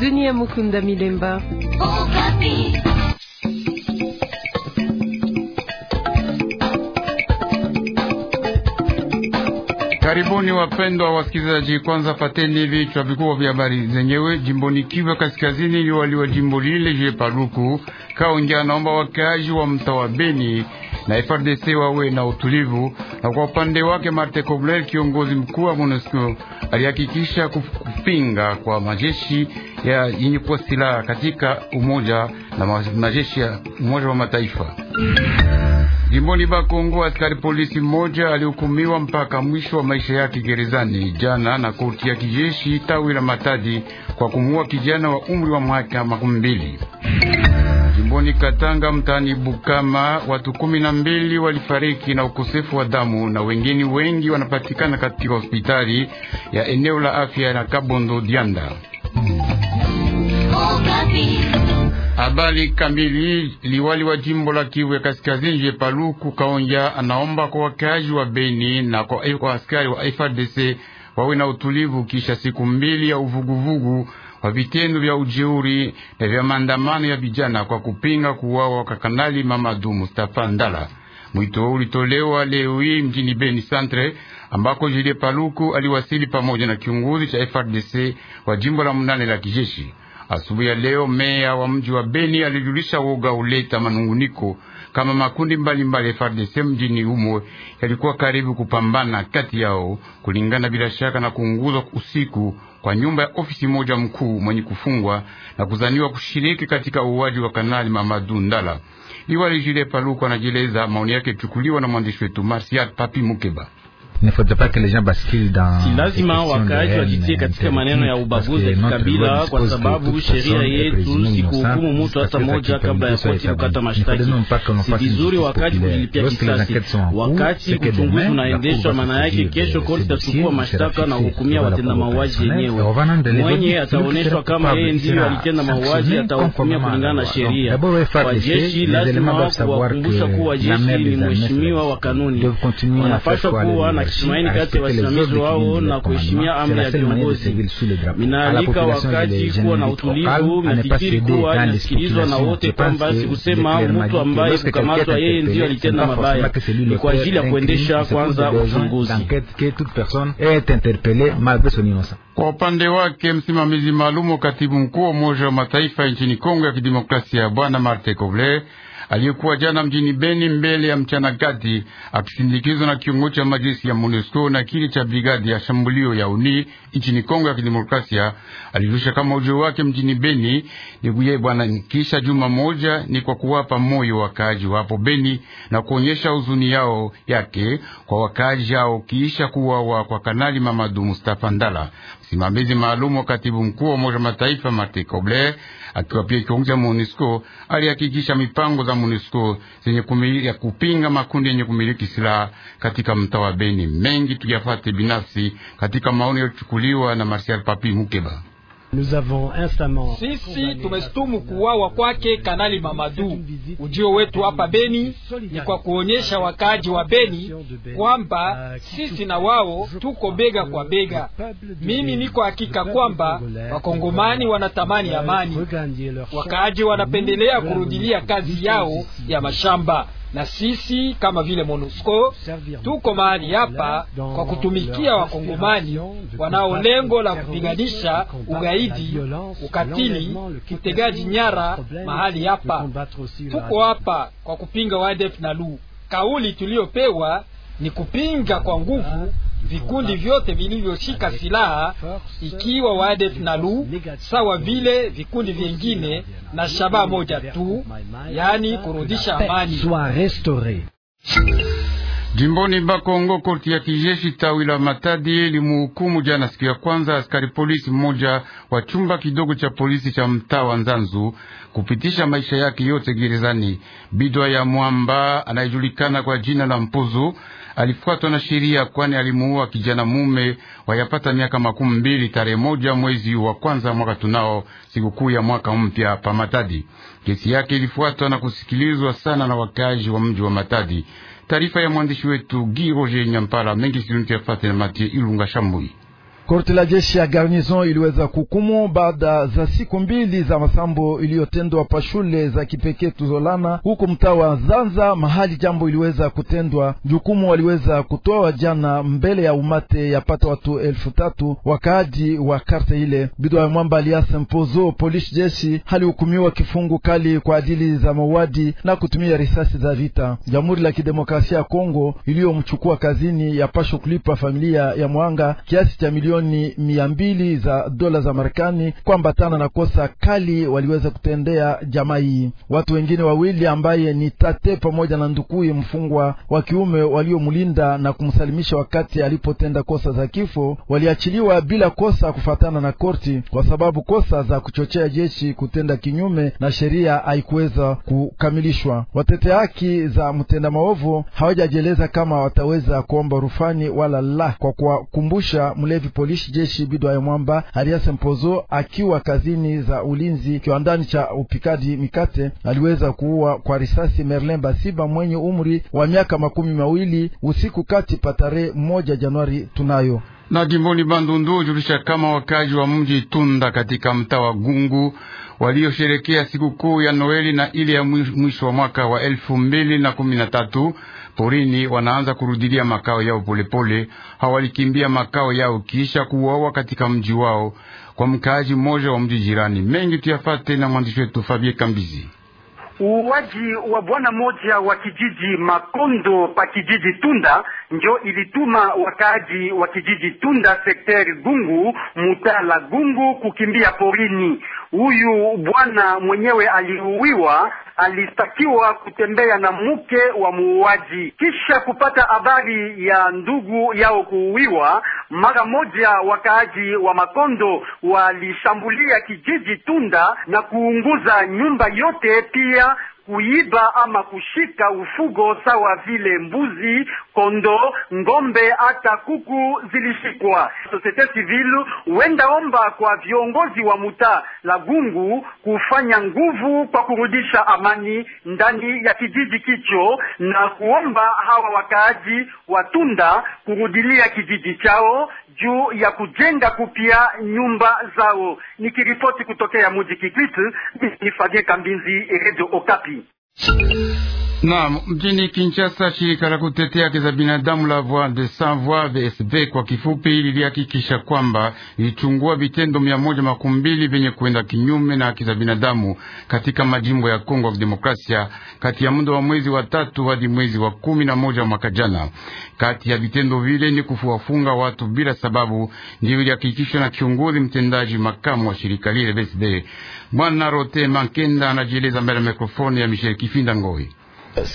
Dunia Mukunda Milemba. Karibuni wapendwa wasikilizaji, kwanza pateni vichwa vikubwa vya habari zenyewe. Jimboni Kivu Kaskazini, liwali jimbo lile Jules Paluku Kaongea anaomba wakaaji wa mtaa wa Beni na frdc wawe na utulivu, na kwa upande wake Martin Kobler, kiongozi mkuu wa MONUSCO, alihakikisha kupinga kwa majeshi ya yenye kuwa silaha katika umoja na majeshi ya Umoja wa Mataifa. Jimboni Bakongo, askari polisi mmoja alihukumiwa mpaka mwisho wa maisha yake gerezani jana na korti ya kijeshi tawi la Matadi kwa kumuua kijana wa umri wa mwaka makumi mbili. Jimboni Katanga, mtaani Bukama, watu kumi na mbili walifariki na ukosefu wa damu na wengine wengi wanapatikana katika hospitali ya eneo la afya la Kabondo Dianda. Oh, Habari kamili. Liwali wa jimbo la Kivu ya Kaskazini Je Paluku Kaonja anaomba kwa wakazi wa Beni na kwa e, askari wa frdc wawe na utulivu kisha siku mbili ya uvuguvugu wa vitendo vya ujeuri na vya maandamano ya vijana kwa kupinga kuwawa kwa Kanali Mamadu Mustafa Ndala. Mwito ulitolewa leo hii mjini Beni Centre ambako Julie Paluku aliwasili pamoja na kiongozi cha frdc wa jimbo la mnane la kijeshi. Asubuhi ya leo meya wa mji wa Beni alijulisha woga uleta manunguniko kama makundi mbalimbali ya FARDC mjini humo yalikuwa karibu kupambana kati yao, kulingana bila shaka na kuunguzwa usiku kwa nyumba ya ofisi moja mkuu mwenye kufungwa na kuzaniwa kushiriki katika uuaji wa Kanali Mamadu Ndala. Iwalijile Paluku anajieleza maoni yake, chukuliwa na mwandishi wetu Marsial Papi Mukeba. Si lazima wakaaji wajitie katika maneno ya ubaguzi ya kikabila, kwa sababu sheria yetu si kuhukumu mtu hata moja kabla ya koti kukata mashtaki. Si vizuri wakati kujilipia kisasi, wakati uchunguzi unaendeshwa. Maana yake kesho koti itachukua mashtaka na kuhukumia watenda mauaji yenyewe. Mwenye ataoneshwa kama yeye ndiyo alitenda mauaji atahukumia kulingana na sheria. Wajeshi lazima kuwakumbusha kuwa jeshi ni mheshimiwa wa kanuni, wanapaswa kuwa na tumaini kati ya wasimamizi wao na kuheshimia amri ya viongozi. Ninaalika wakaji kuwa na utulivu, nafikiri kuwa inasikilizwa na wote, kwamba kusema mtu ambaye kukamatwa yeye ndiyo alitenda mabaya. Ni kwa ajili ya kuendesha kwanza uchunguzi. Kwa upande wake msimamizi maalumu katibu mkuu wa Umoja wa Mataifa nchini Kongo ya Kidemokrasia Bwana Marte Kobler aliyekuwa jana mjini Beni mbele ya mchana kati akisindikizwa na kiongozi cha majlisi ya MONUSCO na kile cha brigadi ya shambulio ya UNI nchini Kongo ya Kidemokrasia, alirusha kama ujio wake mjini Beni ni bwana, kisha juma moja ni kwa kuwapa moyo wakaaji wapo Beni na kuonyesha huzuni yao yake kwa wakaaji hao kiisha kuwawa kwa Kanali Mamadu Mustafa Ndala, msimamizi maalum wa katibu mkuu wa Umoja Mataifa Martin Kobler Akiwa pia kiongozi wa MONUSCO, alihakikisha mipango za MONUSCO zenye ya kupinga makundi yenye kumiliki silaha katika mtaa wa Beni. Mengi tuyafate binafsi katika maoni yaliyochukuliwa na Marsial Papi Mukeba. Sisi tumestumu kuwawa kwake Kanali Mamadu. Ujio wetu hapa Beni ni kwa kuonyesha wakaaji wa Beni kwamba sisi na wao tuko bega kwa bega. Mimi niko hakika kwamba wakongomani wanatamani amani, wakaaji wanapendelea kurudilia kazi yao ya mashamba na sisi kama vile MONUSCO tuko mahali hapa kwa kutumikia wakongomani wanao lengo la kupiganisha ugaidi, ukatili, utegaji nyara. Mahali hapa tuko hapa kwa kupinga wadef na lu. Kauli tuliyopewa ni kupinga kwa nguvu vikundi vyote vilivyoshika silaha ikiwa Waadef na Lu sawa vile vikundi vyengine na shabaha moja tu, yaani kurudisha amani. Jimboni Bakongo, korti ya kijeshi tawi la Matadi limuhukumu jana siku ya kwanza askari polisi mmoja wa chumba kidogo cha polisi cha mtaa wa Nzanzu kupitisha maisha yake yote gerezani. Bidwa ya Mwamba anayejulikana kwa jina la Mpuzu alifuatwa na sheria, kwani alimuua kijana mume wayapata miaka makumi mbili tarehe moja mwezi wa kwanza mwaka tunao, sikukuu ya mwaka mpya pa Matadi. Kesi yake ilifuatwa na kusikilizwa sana na wakaaji wa mji wa Matadi. Taarifa ya mwandishi wetu Giroje Nyampala mengi sinutuyafate na Matie Ilunga Shambui. Korti la jeshi ya garnizon iliweza kukumu baada za siku mbili za masambo iliyotendwa pa shule za kipekee Tuzolana huko mtaa wa Zanza, mahali jambo iliweza kutendwa. Jukumu waliweza kutoa jana mbele ya umate ya pata watu elfu tatu wakaaji wa karte ile. Bidwa ya Mwamba aliase mpozo polisi jeshi hukumiwa kifungu kali kwa ajili za mauaji na kutumia risasi za vita. Jamhuri la Kidemokrasia ya Kongo iliyomchukua kazini yapashwa kulipa familia ya mwanga kiasi cha milioni milioni mia mbili za dola za Marekani kuambatana na kosa kali waliweza kutendea jamaa hii. Watu wengine wawili ambaye ni tate pamoja na ndukuye mfungwa wa kiume waliomlinda na kumsalimisha wakati alipotenda kosa za kifo waliachiliwa bila kosa kufatana na korti, kwa sababu kosa za kuchochea jeshi kutenda kinyume na sheria haikuweza kukamilishwa. Watete haki za mtenda maovu hawajajieleza kama wataweza kuomba rufani wala la, kwa kuwakumbusha mlevi polisi jeshi ayo Mwamba Aliase Mpozo akiwa kazini za ulinzi kiwandani cha upikaji mikate aliweza kuua kwa risasi Merlin Basiba mwenye umri wa miaka makumi mawili usiku kati pa tarehe moja Januari tunayo na jimboni Bandundu julisha kama wakaji wa mji Tunda katika mtaa wa Gungu waliosherekea sikukuu ya Noeli na ile ya mwisho wa mwaka wa elfu mbili na kumi na tatu porini wanaanza kurudilia makao yao polepole. Hawalikimbia makao yao kisha kuuawa katika mji wao kwa mkaaji mmoja wa mji jirani. Mengi tuyafate na mwandishi wetu Fabie Kambizi. Uuaji wa bwana moja wa kijiji Makondo pa kijiji Tunda njo ilituma wakaaji wa kijiji Tunda sekteri Gungu mutala Gungu kukimbia porini. Huyu bwana mwenyewe aliuiwa, alistakiwa kutembea na mke wa muuaji. Kisha kupata habari ya ndugu yao kuuiwa, mara moja wakaaji wa Makondo walishambulia kijiji Tunda na kuunguza nyumba yote, pia kuiba ama kushika ufugo sawa vile mbuzi, kondo, ngombe hata kuku zilishikwa. Societe civile wenda omba kwa viongozi wa mutaa la Gungu kufanya nguvu kwa kurudisha amani ndani ya kijiji kicho na kuomba hawa wakaaji watunda kurudilia kijiji chao juu ya kujenga kupya nyumba zao. Nikiripoti kutokea mji Kikwit, mimi Fabien Kambinzi, Radio Okapi. Thank you. Naam, mjini Kinshasa shirika la kutetea haki za binadamu la Voix des Sans Voix VSV kwa kifupi lilihakikisha kwamba lilichungua vitendo mia moja makumi mbili vyenye kuenda kinyume na haki za binadamu katika majimbo ya Kongo ya Demokrasia kati ya muda wa mwezi wa tatu hadi mwezi wa kumi na moja mwaka jana. Kati ya vitendo vile ni kufuafunga watu bila sababu, ndiyo ilihakikishwa na kiongozi mtendaji makamu wa shirika lile VSV. Bwana Rote Mankenda anajieleza mbele ya mikrofoni ya Michel Kifinda Ngoi. Euh,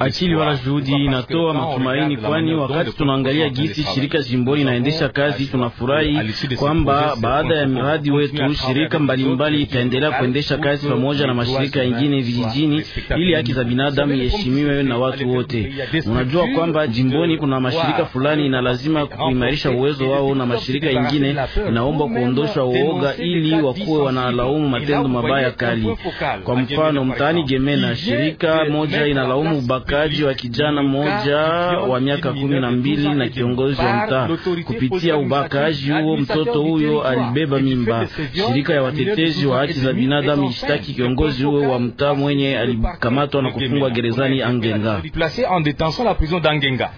Akili wala juhudi inatoa matumaini, kwani wakati tunaangalia gisi shirika jimboni inaendesha kazi, tunafurahi kwamba baada ya miradi wetu shirika mbalimbali itaendelea kuendesha kazi pamoja na mashirika yengine vijijini, ili haki za binadamu iheshimiwe na watu wote. Unajua kwamba jimboni kuna mashirika fulani na lazima kuimarisha uwezo wao, na mashirika yengine inaomba kuondosha uoga ili wakuwe wanalaumu matendo mabaya kali. Kwa mfano mtaani Gemena Shirika moja inalaumu ubakaji wa kijana moja wa miaka kumi na mbili na kiongozi wa mtaa. Kupitia ubakaji huo, mtoto huyo alibeba mimba. Shirika ya watetezi wa haki za binadamu ishtaki kiongozi huyo wa mtaa mwenye alikamatwa na kufungwa gerezani Angenga.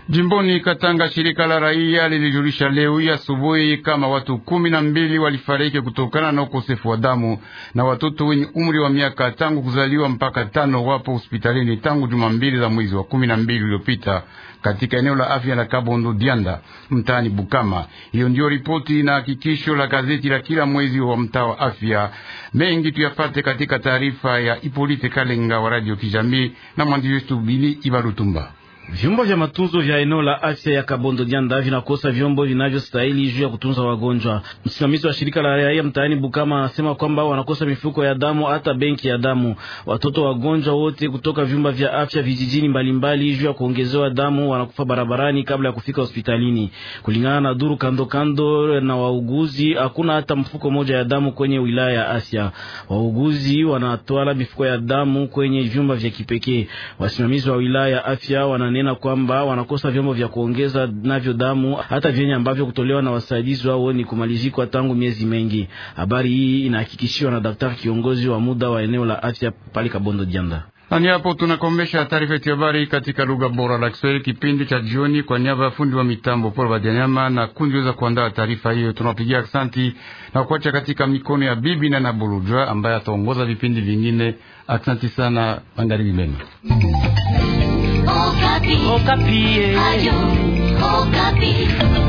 Jimboni Katanga, shirika la raia lilijulisha leo hii asubuhi kama watu kumi na mbili walifariki kutokana na ukosefu wa damu na watoto wenye umri wa miaka tangu kuzaliwa mpaka tano wapo hapo hospitalini tangu juma mbili za mwezi wa kumi na mbili uliopita katika eneo la afya la Kabondo Dianda mtaani Bukama. Hiyo ndiyo ripoti na hakikisho la gazeti la kila mwezi wa mtaa wa afya. Mengi tuyafate katika taarifa ya Ipolite Kalenga wa Radio Kijamii na mwandishi wetu Bili Ibalutumba. Vyumba vya matunzo vya eneo la afya ya Kabondo Nyanda vinakosa vyombo vinavyostahili juu ya kutunza wagonjwa. Msimamizi wa shirika la raia mtaani Bukama anasema kwamba wanakosa mifuko ya damu, hata benki ya damu. Watoto wagonjwa wote kutoka vyumba vya afya vijijini mbalimbali juu ya kuongezewa damu wanakufa barabarani kabla ya kufika hospitalini. Kulingana na duru kando kando na wauguzi, hakuna hata mfuko moja ya damu kwenye wilaya ya afya. Wauguzi wanatwala mifuko ya damu kwenye vyumba vya kipekee. Wasimamizi wa wilaya ya afya wana wanena kwamba wanakosa vyombo vya kuongeza navyo damu hata vyenye ambavyo kutolewa na wasaidizi wao ni kumalizikwa tangu miezi mengi. Habari hii inahakikishiwa na daktari kiongozi wa muda wa eneo la afya pale Kabondo Janda. Nani hapo tunakomesha taarifa yetu ya habari katika lugha bora la Kiswahili kipindi cha jioni. Kwa niaba ya fundi wa mitambo Paul Badanyama na kundi weza kuandaa taarifa hiyo, tunawapigia asanti na kuacha katika mikono ya bibi na Naburujwa ambaye ataongoza vipindi vingine. Asanti sana, magharibi mema. mm -hmm. Okapi. Okapi.